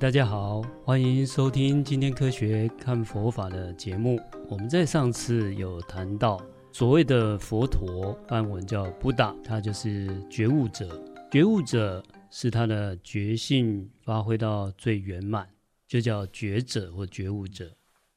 大家好，歡迎收聽今天科學看佛法的節目。我們在上次有談到，所謂的佛陀，梵文叫“布達”，他就是覺悟者。覺悟者是他的覺性發揮到最圓滿，就叫覺者或覺悟者，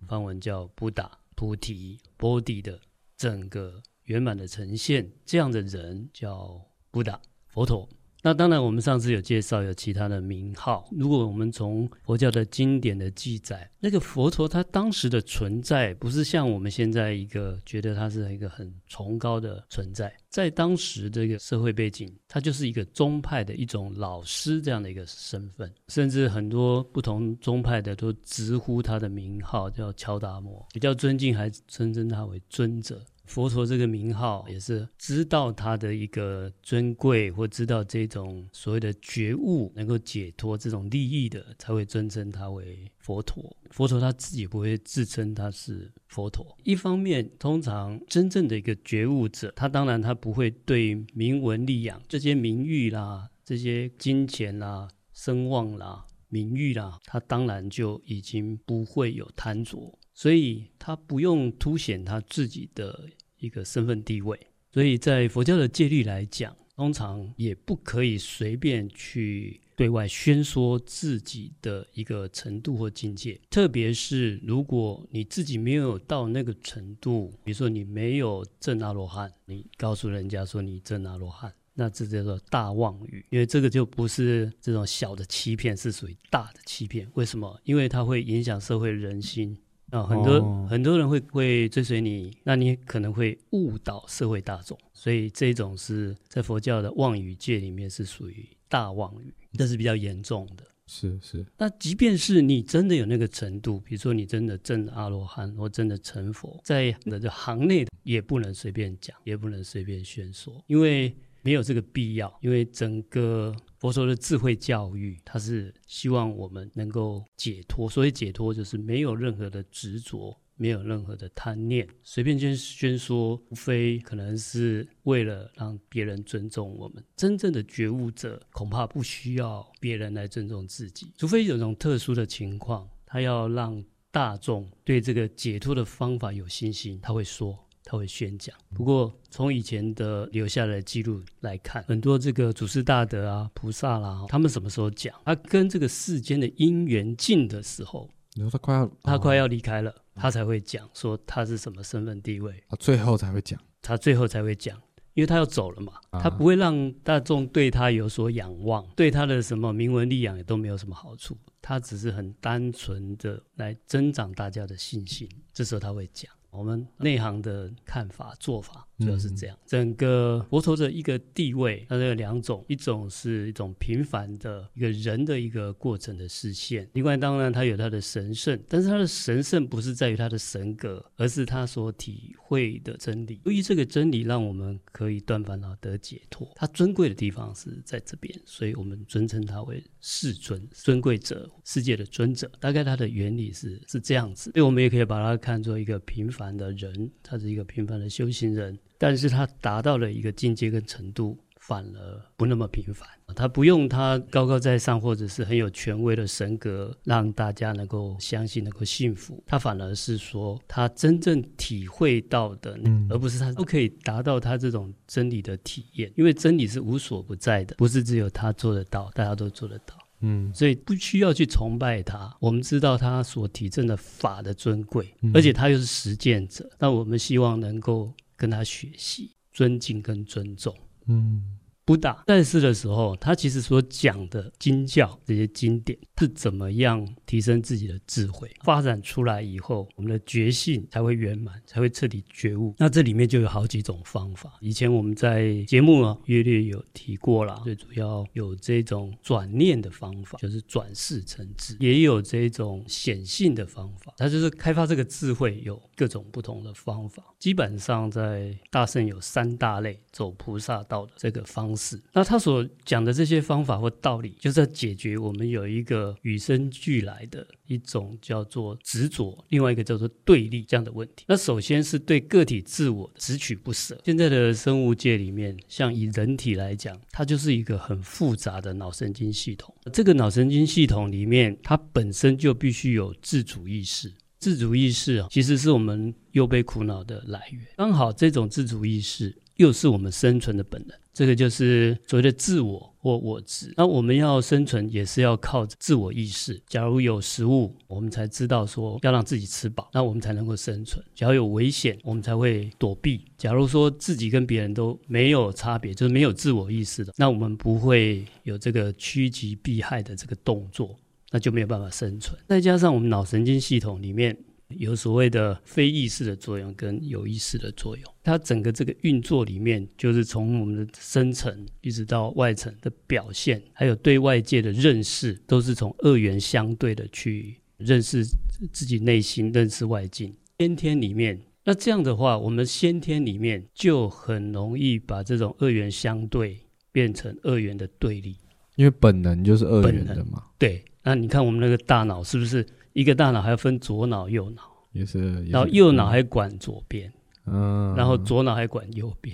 梵文叫“布達”、“菩提”的、“波提”的整個圓滿的呈現，這樣的人叫布達佛陀。那當然，我們上次有介紹有其他的名號。如果我們從佛教的經典的記載，那個佛陀他當時的存在，不是像我們現在一個覺得他是一個很崇高的存在，在當時這個社會背景，他就是一個宗派的一種老師這樣的一個身份，甚至很多不同宗派的都直呼他的名號叫喬達摩，比較尊敬還尊稱他為尊者。佛陀這個名號，也是知道他的一個尊貴，或知道這種所謂的覺悟能夠解脫這種利益的，才會尊稱他為佛陀。佛陀他自己不會自稱他是佛陀。一方面，通常真正的一個覺悟者，他當然他不會對名聞利養這些名譽啦、這些金錢啦、聲望啦、名譽啦，他當然就已經不會有貪着，所以他不用凸顯他自己的。一個身份地位，所以在佛教的戒律來講，通常也不可以隨便去對外宣說自己的一個程度或境界，特別是如果你自己沒有到那個程度，比如說你沒有證阿羅漢，你告訴人家說你證阿羅漢，那這叫做大妄語，因為這個就不是這種小的欺騙，是屬於大的欺騙。為什麼？因為它會影響社會人心。啊、哦，很多、哦、很多人會會追隨你，那你可能會誤導社會大眾，所以這種是在佛教的妄語戒裡面是屬於大妄語，但是比較嚴重的。是是。那即便是你真的有那個程度，比如說你真的證阿羅漢或真的成佛，在個行內也不能隨便講、嗯，也不能隨便宣說，因為沒有這個必要，因為整個。佛說的智慧教育，他是希望我們能夠解脫。所以解脫就是沒有任何的執着，沒有任何的貪念。隨便宣宣說，無非可能是為了讓別人尊重我們。真正的覺悟者，恐怕不需要別人來尊重自己。除非有種特殊的情況，他要讓大眾對這個解脫的方法有信心，他會說。他會宣講，不過從以前的留下來的記錄來看，很多這個祖師大德啊、菩薩啦、啊，他們什麼時候講？他跟這個世間的因緣盡的時候，你、哦、說他快要、哦、他快要離開了，他才會講說他是什麼身份地位啊？他最後才會講，他最後才會講，因為他要走了嘛，他不會讓大眾對他有所仰望，啊、對他的什麼名聞利養也都沒有什麼好處，他只是很單純的來增長大家的信心，嗯、這時候他會講。我們內行的看法、做法。嗯、主要是這樣，整個佛陀的一個地位，它有兩種，一種是一種平凡的一個人的一個過程的視線。另外當然它有它的神聖，但是它的神聖不是在於他的神格，而是他所體會的真理。由於這個真理讓我們可以斷煩惱得解脫，他尊貴的地方是在這邊，所以我們尊稱他為世尊，尊貴者，世界的尊者。大概它的原理是是這樣子，所以我們也可以把它看作一個平凡的人，他是一個平凡的修行人。但是他達到了一個境界跟程度，反而不那麼平凡。他不用他高高在上，或者是很有權威的神格，讓大家能夠相信、能夠信服。他反而是說，他真正體會到的，嗯、而不是他都可以達到他這種真理的體驗。因為真理是無所不在的，不是只有他做得到，大家都做得到。嗯，所以不需要去崇拜他。我們知道他所體證的法的尊貴，而且他又是實踐者。那我們希望能夠。跟他學習，尊敬跟尊重，嗯。佛陀在世的時候，他其實所講的經教這些經典是怎麼樣提升自己的智慧，發展出來以後，我們的覺性才會圓滿，才會徹底覺悟。那這裡面就有好幾種方法。以前我們在節目啊，約略有提過了。最主要有這種轉念的方法，就是轉識成智；也有這種顯性的方法，他就是開發這個智慧，有各種不同的方法。基本上在大乘有三大類走菩薩道的這個方式。那他所講的這些方法或道理，就是要解決我們有一個與生俱來的一種叫做執着，另外一個叫做對立這樣的問題。那首先是對個體自我執取不捨。現在的生物界裡面，像以人體來講，它就是一個很複雜的腦神經系統。這個腦神經系統裡面，它本身就必須有自主意識。自主意識啊，其實是我們憂悲苦惱的來源。剛好這種自主意識，又是我們生存的本能，這個就是所謂的自我或我執。那我們要生存，也是要靠自我意識。假如有食物，我們才知道說要讓自己吃飽，那我們才能夠生存；假如有危險，我們才會躲避。假如說自己跟別人都沒有差別，就是沒有自我意識的，那我們不會有這個趨吉避害的這個動作，那就沒有辦法生存。再加上我們腦神經系統裡面。有所謂的非意識的作用跟有意識的作用，它整個這個運作裡面，就是從我們的深層一直到外層的表現，還有對外界的認識，都是從二元相對的去認識自己內心、認識外境。先天裡面，那這樣的話，我們先天裡面就很容易把這種二元相對變成二元的對立，因為本能就是二元的嘛。對，那你看我們那個大腦是不是？一個大腦還要分左腦右腦也，也是，然後右腦還管左邊，嗯，然後左腦還管右邊，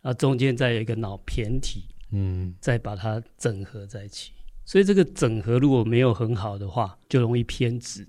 然後中間再有一個腦胼體，嗯，再把它整合在一起。所以這個整合如果沒有很好的話，就容易偏執。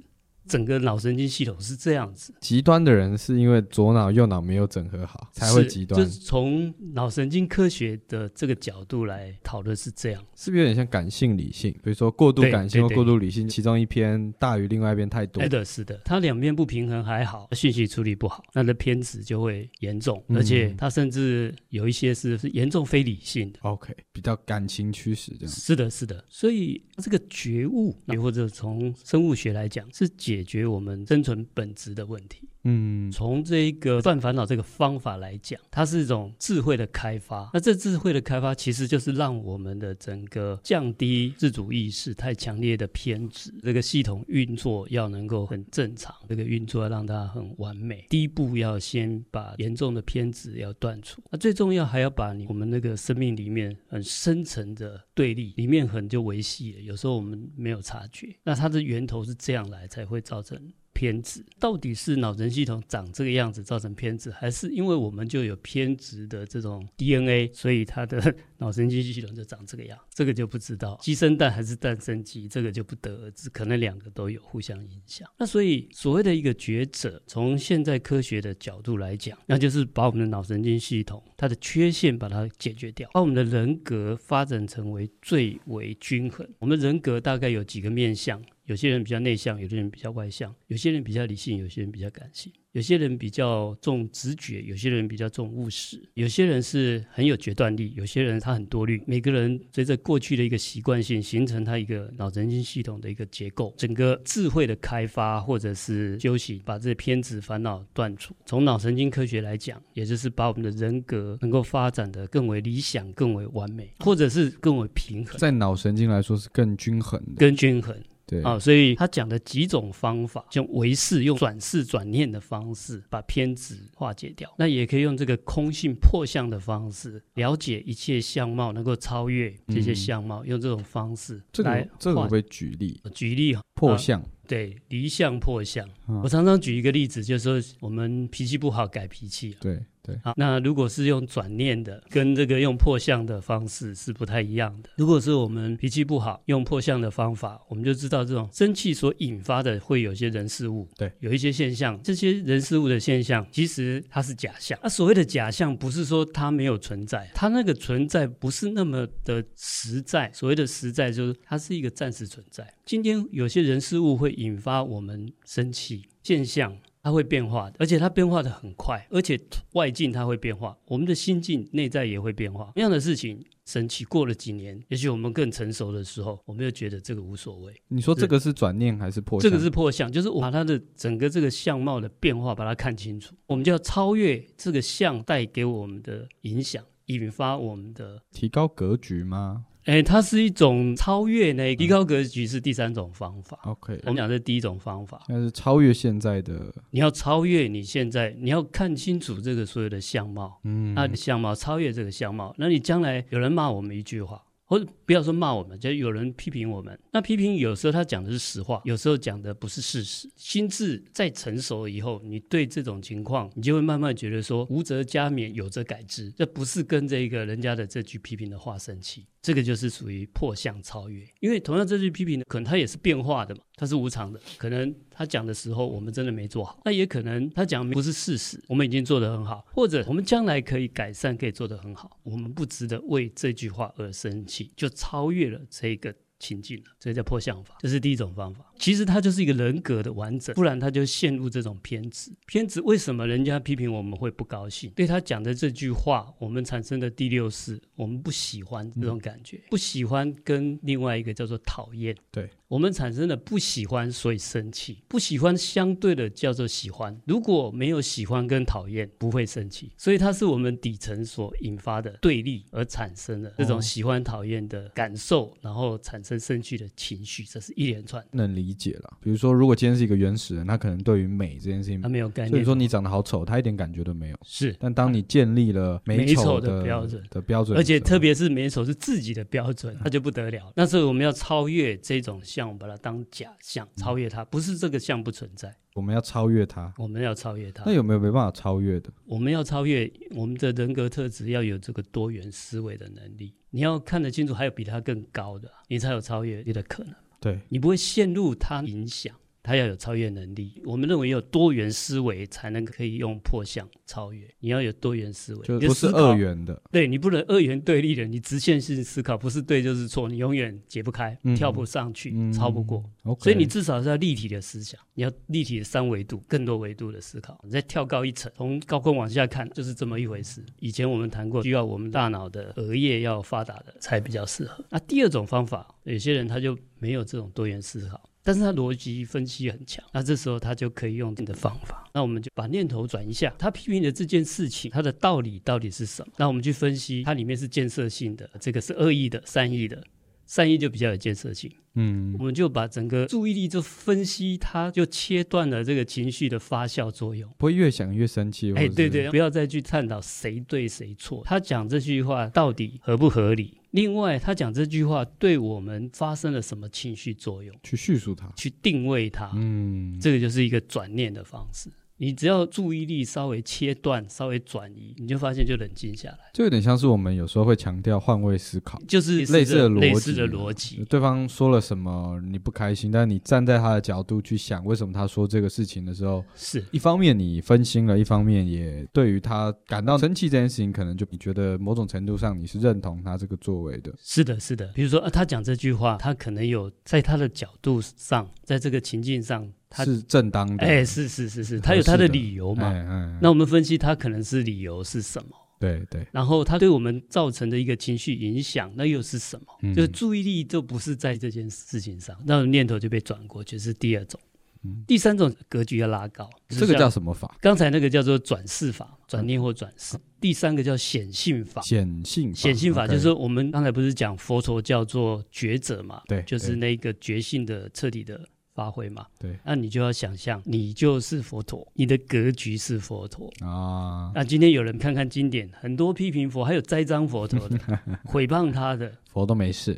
整個腦神經系統是這樣子，極端的人是因為左腦右腦沒有整合好才會極端。就是從腦神經科學的這個角度來討論是這樣，是不是有點像感性理性？比如說過度感性或過度理性，對對，其中一篇大於另外一篇太多。是、哎、的，是的，它兩邊不平衡還好，信息處理不好，那的偏執就會嚴重，而且它甚至有一些是嚴重非理性的、嗯。OK，比較感情驅使這樣。是的，是的，所以這個覺悟，又或者從生物學來講是解。解決我們生存本質的問題。嗯，從這個斷煩惱這個方法來講，它是一種智慧的開發。那這智慧的開發，其實就是讓我們的整個降低自主意識太強烈的偏執，這個系統運作要能夠很正常，這個運作要讓它很完美。第一步要先把嚴重的偏執要斷除，那、啊、最重要還要把你我們那個生命裡面很深層的對立，裡面很就維繫了。有時候我們沒有察覺，那它的源頭是這樣來才會造成。偏執到底是腦神經系統長這個樣子造成偏執，還是因為我們就有偏執的這種 DNA，所以它的腦神經系統就長這個樣？這個就不知道，雞生蛋還是蛋生雞，這個就不得而知，可能兩個都有互相影響。那所以所謂的一個覺者，從現在科學的角度來講，那就是把我們的腦神經系統它的缺陷把它解決掉，把我們的人格發展成為最為均衡。我們人格大概有幾個面向？有些人比較內向，有的人比較外向，有些人比較理性，有些人比較感性，有些人比較重直覺，有些人比較重務實，有些人是很有決斷力，有些人他很多慮。每個人隨着過去的一個習慣性，形成他一個腦神經系統的一個結構，整個智慧的開發或者是休息，把這些偏執煩惱斷除。從腦神經科學來講，也就是把我們的人格能夠發展得更為理想、更為完美，或者是更為平衡。在腦神經來說是更均衡的，更均衡。啊、哦，所以他講的幾種方法，用唯識用轉識、轉念的方式把偏執化解掉，那也可以用這個空性破相的方式，了解一切相貌，能夠超越這些相貌，嗯、用這種方式來。這個我、這個、會舉例，舉例破相、啊，對離相破相。我常常舉一個例子，就是說我們脾氣不好，改脾氣。對。對啊，那如果是用轉念的，跟這個用破相的方式是不太一樣的。如果是我們脾氣不好，用破相的方法，我們就知道這種生氣所引發的會有些人事物，對，有一些現象，這些人事物的現象，其實它是假象。那、啊、所謂的假象，不是說它沒有存在，它那個存在不是那麼的實在。所謂的實在，就是它是一個暫時存在。今天有些人事物會引發我們生氣現象。它會變化的，而且它變化得很快，而且外境它會變化，我們的心境內在也會變化。這樣的事情神奇，過了幾年，也許我們更成熟的時候，我們就覺得這個無所謂。你說這個是轉念還是破相？是，這個是破相，就是我把它的整個這個相貌的變化把它看清楚，我們就要超越這個相帶給我們的影響，引發我們的提高格局嗎？哎，它是一種超越，那個提高格局是第三種方法。嗯、OK，我們講的是第一種方法，那是超越現在的。你要超越你現在，你要看清楚這個所有的相貌，嗯，他的相貌，超越這個相貌，那你將來有人罵我們一句話，或者不要說罵我們，就有人批評我們。那批評有時候他講的是實話，有時候講的不是事實。心智再成熟以後，你對這種情況，你就會慢慢覺得說，無則加勉，有則改之，這不是跟這個人家的這句批評的話生氣。這個就是屬於破相超越，因為同樣這句批評呢，可能它也是變化的嘛，它是無常的，可能他講的時候我們真的沒做好，那也可能他講的不是事實，我們已經做得很好，或者我們將來可以改善，可以做得很好，我們不值得為這句話而生氣，就超越了這一個。情境，這叫破相法，這是第一種方法。其實它就是一個人格的完整，不然他就陷入這種偏執。偏執為什麼？人家批評我們會不高興，對他講的這句話，我們產生的第六識，我們不喜歡這種感覺、嗯，不喜歡跟另外一個叫做討厭。對。我們產生了不喜歡，所以生氣；不喜歡相對的叫做喜歡。如果沒有喜歡跟討厭，不會生氣。所以它是我們底層所引發的對立而產生的這種喜歡、討厭的感受、哦，然後產生生氣的情緒，這是一連串。能理解了。比如說，如果今天是一個原始人，他可能對於美這件事情他、啊、沒有概念，所以說你長得好醜，他一點感覺都沒有。是。但當你建立了美醜的，醜的標準，的標準的，而且特別是美醜是自己的標準，那就不得了、嗯。那所以我們要超越這種相。我們把它當假象，超越它，不是這個象不存在，嗯。我們要超越它，我們要超越它。那有沒有沒辦法超越的？我們要超越我們的人格特質，要有這個多元思維的能力。你要看得清楚，還有比它更高的，你才有超越你的可能。對，你不會陷入它影響。他要有超越能力，我們認為有多元思維才能可以用破相超越。你要有多元思維，就思就不是二元的，對你不能二元對立的，你直線性思考不是對就是錯，你永遠解不開，嗯，跳不上去，嗯、超不過、嗯 okay。所以你至少是要立體的思想，你要立體的三維度，更多維度的思考，你再跳高一層，從高空往下看就是這麼一回事。以前我們談過，需要我們大腦的額葉要發達的才比較適合，嗯。那第二種方法，有些人他就沒有這種多元思考。但是他邏輯分析很強，那這時候他就可以用你的方法。那我們就把念頭轉一下，他批評的這件事情，他的道理到底是什麼？那我們去分析，它裡面是建設性的，這個是惡意的、善意的。善意就比較有建設性，嗯，我們就把整個注意力就分析它，就切斷了這個情緒的發酵作用，不會越想越生氣。哎、欸，對，對對，不要再去探討誰對誰錯，他講這句話到底合不合理？另外，他講這句話對我們發生了什麼情緒作用？去敘述它，去定位它，嗯，這個就是一個轉念的方式。你只要注意力稍微切斷、稍微轉移，你就發現就冷靜下來。就有點像是我們有時候會強調換位思考，就是類似的邏輯。類似的邏輯，對方說了什麼你不開心，但你站在他的角度去想，為什麼他說這個事情的時候，是。一方面你分心了，一方面也對於他感到生氣這件事情，可能就你覺得某種程度上你是認同他這個作為的。是的，是的。比如說啊，他講這句話，他可能有在他的角度上，在這個情境上。他是正當的，哎、欸，是是是是，他有他的理由嘛？嗯、哎哎，那我們分析他可能是理由是什麼？對對。然後他對我們造成的一個情緒影響，那又是什麼？嗯、就是注意力就不是在這件事情上，那種念頭就被轉過去，是第二種、嗯。第三種格局要拉高、就是，這個叫什麼法？剛才那個叫做轉世法，轉念或轉世。嗯、第三個叫顯性法。顯性法顯性法，顯性法、okay、就是說我們剛才不是講佛陀叫做覺者嘛，對？對，就是那個覺性的徹底的發揮嘛，對，那、啊、你就要想象，你就是佛陀，你的格局是佛陀啊。那、啊、今天有人看看經典，很多批評佛，還有栽贓佛陀的， 毀謗他的佛都沒事，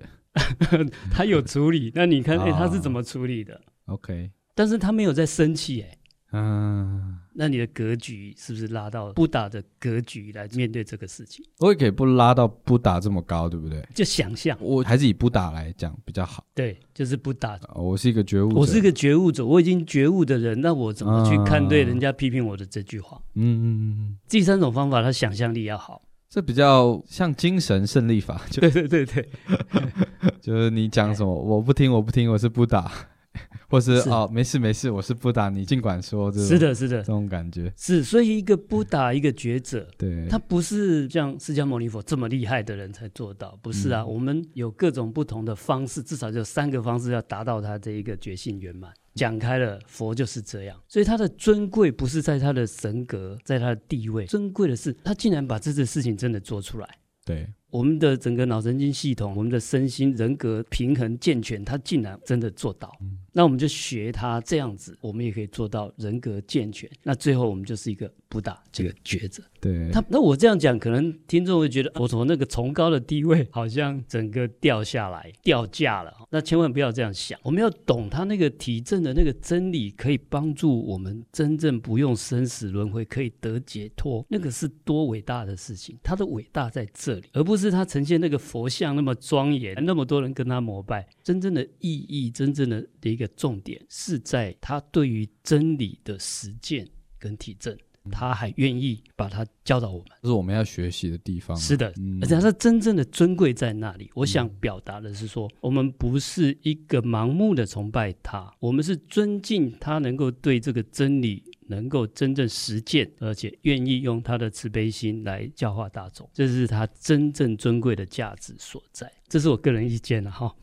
他有處理。 那你看，啊欸，他是怎麼處理的？OK，但是他沒有在生氣、欸，哎。嗯，那你的格局是不是拉到不打的格局來面對這個事情？我也可以不拉到不打這麼高，對不對？就想象，我還是以不打來講比較好。對，就是不打。啊，我是一個覺悟者，我是一個覺悟者，我已經覺悟的人，那我怎麼去看對人家批評我的這句話？嗯，第三種方法，他想象力要好，這比較像精神勝利法就。對對對對， 就是你講什麼， 我不聽，我不聽，我是不打。 或是，是哦，沒事沒事，我是不打你，儘管說，這，這是的，是的，這種感覺是，所以一個不打，一個覺者、嗯，對，他不是像釋迦牟尼佛這麼厲害的人才做到，不是啊，嗯、我們有各種不同的方式，至少就三個方式要達到他這一個覺性圓滿。講開了，佛就是這樣，所以他的尊貴不是在他的神格，在他的地位，尊貴的是他竟然把這件事情真的做出來，對。我們的整個腦神經系統，我們的身心人格平衡健全，他竟然真的做到。嗯。那我們就學他這樣子，我們也可以做到人格健全。那最後我們就是一個。不大，這個抉擇。對他，那我這樣講，可能聽眾會覺得我從那個崇高的地位，好像整個掉下來，掉價了。那千萬不要這樣想，我們要懂他那個體證的那個真理，可以幫助我們真正不用生死輪迴，可以得解脫。那個是多偉大的事情，他的偉大在這裡，而不是他呈現那個佛像那麼莊嚴，那麼多人跟他膜拜。真正的意義，真正的的一個重點，是在他對於真理的實踐跟體證。他還願意把他教導我們，這是我們要學習的地方。是的，而且他是真正的尊貴在哪裡？我想表達的是說，我們不是一個盲目的崇拜他，我們是尊敬他能夠對這個真理能夠真正實踐，而且願意用他的慈悲心來教化大眾，這是他真正尊貴的價值所在。這是我個人意見了哈。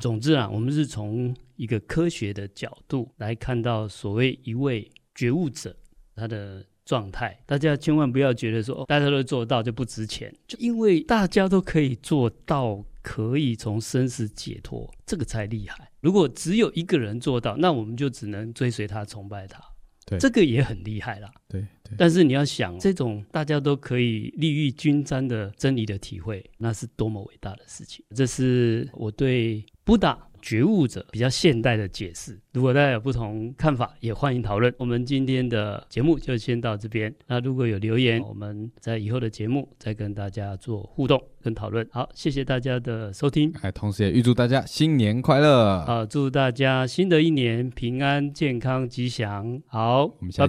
總之啊，我們是從一個科學的角度來看到所謂一位覺悟者他的狀態，大家千萬不要覺得說、哦、大家都做到就不值錢，就因為大家都可以做到，可以從生死解脫，這個才厲害。如果只有一個人做到，那我們就只能追隨他、崇拜他。對，這個也很厲害啦，對對。對，但是你要想，這種大家都可以利益均沾的真理的體會，那是多麼偉大的事情。這是我對 Buddha 覺悟者比較現代的解釋，如果大家有不同看法，也歡迎討論。我們今天的節目就先到這邊。那如果有留言，我們在以後的節目再跟大家做互動跟討論。好，謝謝大家的收聽，還同時也預祝大家新年快樂。好，祝大家新的一年平安、健康、吉祥。好，我們下期見，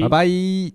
拜拜。拜拜。